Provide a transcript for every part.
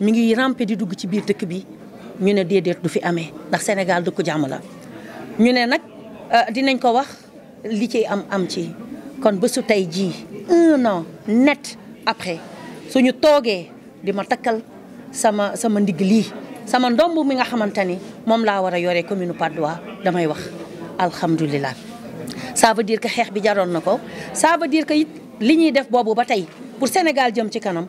mi ngi rampé di dugg ci biir dëkk bi ñu né déedéet du fi amé ndax Sénégal dëkk jamm la ñu ne nag euh, dinañ ko wax li ci am am ci kon bësu tay ji un an net après suñu nyutoge di ma takal sama sama ndig li sama ndomb mi nga xamantani mom la wara yoré yore commune padwa damay wax alhamdulilah ça veut dire que xex bi jaron nako ko ça veut dire que liñuy def bobu ba pour Sénégal jëm ci kanam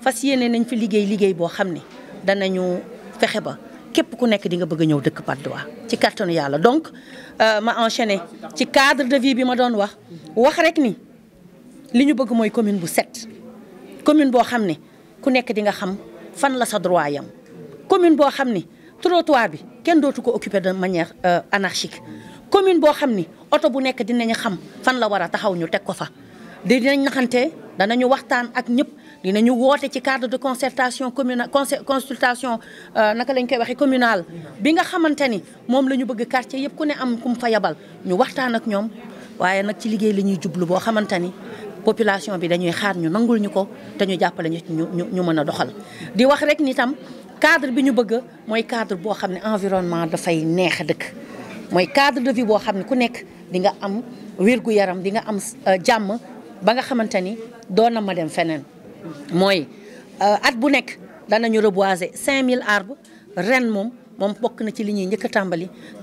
fas yéene nañ fi liggéey liggéey boo xam ne danañu fexe ba képp ku nekk di nga bëgg a ñëw dëkk Patte ci kàttanu yàlla donc euh, ma enchaîné ci cadre de vie bi ma doon wax wax rek ni li ñu bëgg mooy commune bu set commune boo xam ne ku nekk di nga xam fan la sa droit yam commune boo xam ni trottoir bi kenn dootu ko occupé de manière euh, anarchique commune boo xam ni oto bu nekk dinañ xam fan la war a taxaw ñu teg ko fa dinañ naxante danañu waxtaan ak ñëpp dinañu woote ci cadre de concertation commune consultation euh, naka lañ koy waxee communal bi nga xamante ni moom la ñu bëgg quartier yëpp ku ne am ku mu fa yabal ñu waxtaan ak ñoom waaye nag ci liggéey la ñuy jublu boo xamante ni population bi dañuy xaar ñu nangul ñu ko te ñu jàppale ñu ñu ñu mën a doxal di wax rek ni tam cadre bi ñu bëgg mooy cadre boo xam ne environnement dafay neex a dëkk mooy cadre de vie boo xam ne ku nekk di nga am wér gu yaram di nga am euh, jàmm ba nga xamante ni doon na ma dem feneen moy euh, at bu nekk danañu reboiser 5000 arbres ren mom mom bokk na ci li ñuy njëkk a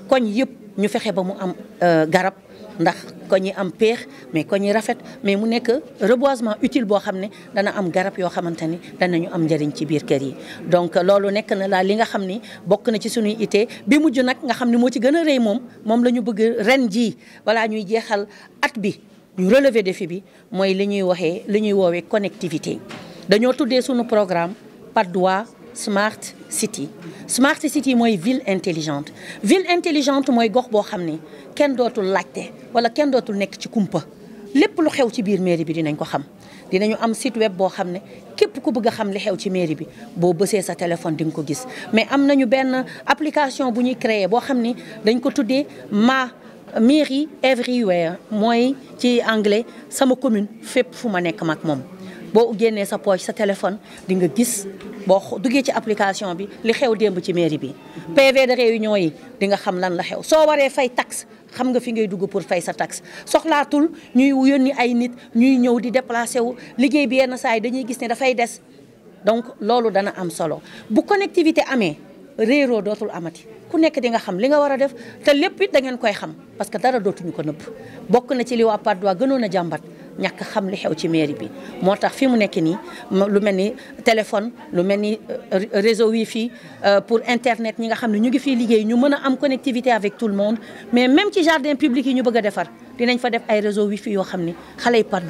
koñ yëp ñu fexé ba mu am euh, garab ndax koñ am péex mais koñ rafet mais mu nek reboisement utile bo xamné ne dana am garab yo xamante ni danañu am jariñ ci biir kër yi. donc lolu nek na la li nga xam ni bokk na ci suñu ité bi mujj nak nga xam ne ci gëna a mom mom lañu bëgg ren ji wala ñuy jéxal at bi ñu relever défi bi moy liñuy waxé liñuy li connectivité dañoo tuddee suñu programme PADWA Smart City Smart City moy ville intelligente ville intelligente moy gox bo xamné ne kenn dootul laajte wala kenn dootul nek ci kumpa lépp lu xew ci biir mairie bi dinañ ko xam dinañu am site web bo xamné képp ku bëgg xam li xew ci mairie bi bo bëssé sa téléphone ding ko gis mais am nañu benn application bu ñuy créer bo xamné dañ ko tuddé ma mairie everywhere qui ci anglais sama commune fait fu ma mak mom sa poche sa téléphone di nga gis application bi li xew mairie bi PV de réunion yi di nga xam lan la xew so waré fay taxe xam nga fi ngay dugg pour fay sa taxe soxlatul ñuy yoni ay nit ñuy ñew di déplacer wu liggéey bi yenn donc dana am connectivité réeroo dootul amati ku nekk di nga xam li nga war a def te lépp it da ngeen koy xam parce que dara dootuñu ko nëbb bokk na ci li waa Patte d'Oie gënoon a jàmbat ñàkk xam li xew ci mairie bi moo tax fi mu nekk nii lu mel ni téléphone lu mel ni euh, réseau wifi euh, pour internet ñi nga xam ne ñu ngi fii liggéey ñu mën a am connectivité avec tout le monde mais même ci jardin public yi ñu bëgg a defar dinañ fa def ay réseau wifi yoo xam ni xale yi Patte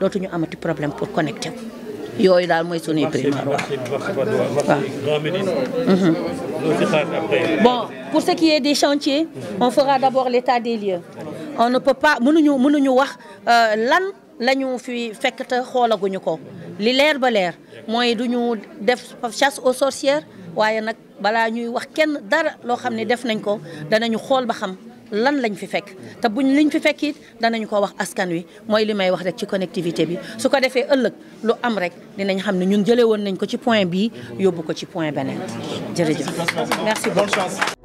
dootuñu amati problème pour connecter yo daal mooy sunuy primaire waaw bon pour ce qui est des chantiers on fera d'abord l'état des lieux on ne peut pas mënuñu mënuñu wax lan la ñu fi fekk te xoolaguñu ko li leer ba leer mooy du ñu def chasse aux sorcières waaye nag balaa ñuy wax kenn dara loo xam ne def nañ ko danañu xool ba xam lan lañ fi fekk té buñ liñ fi fekk it danañ ko wax askan wi moy li may wax rek ci connectivité bi su ko defee ëllëg lu am rek dinañ xam ñun jëlee woon nañ ko ci point bi yobbu ko ci point benen jërëjëf merci beaucoup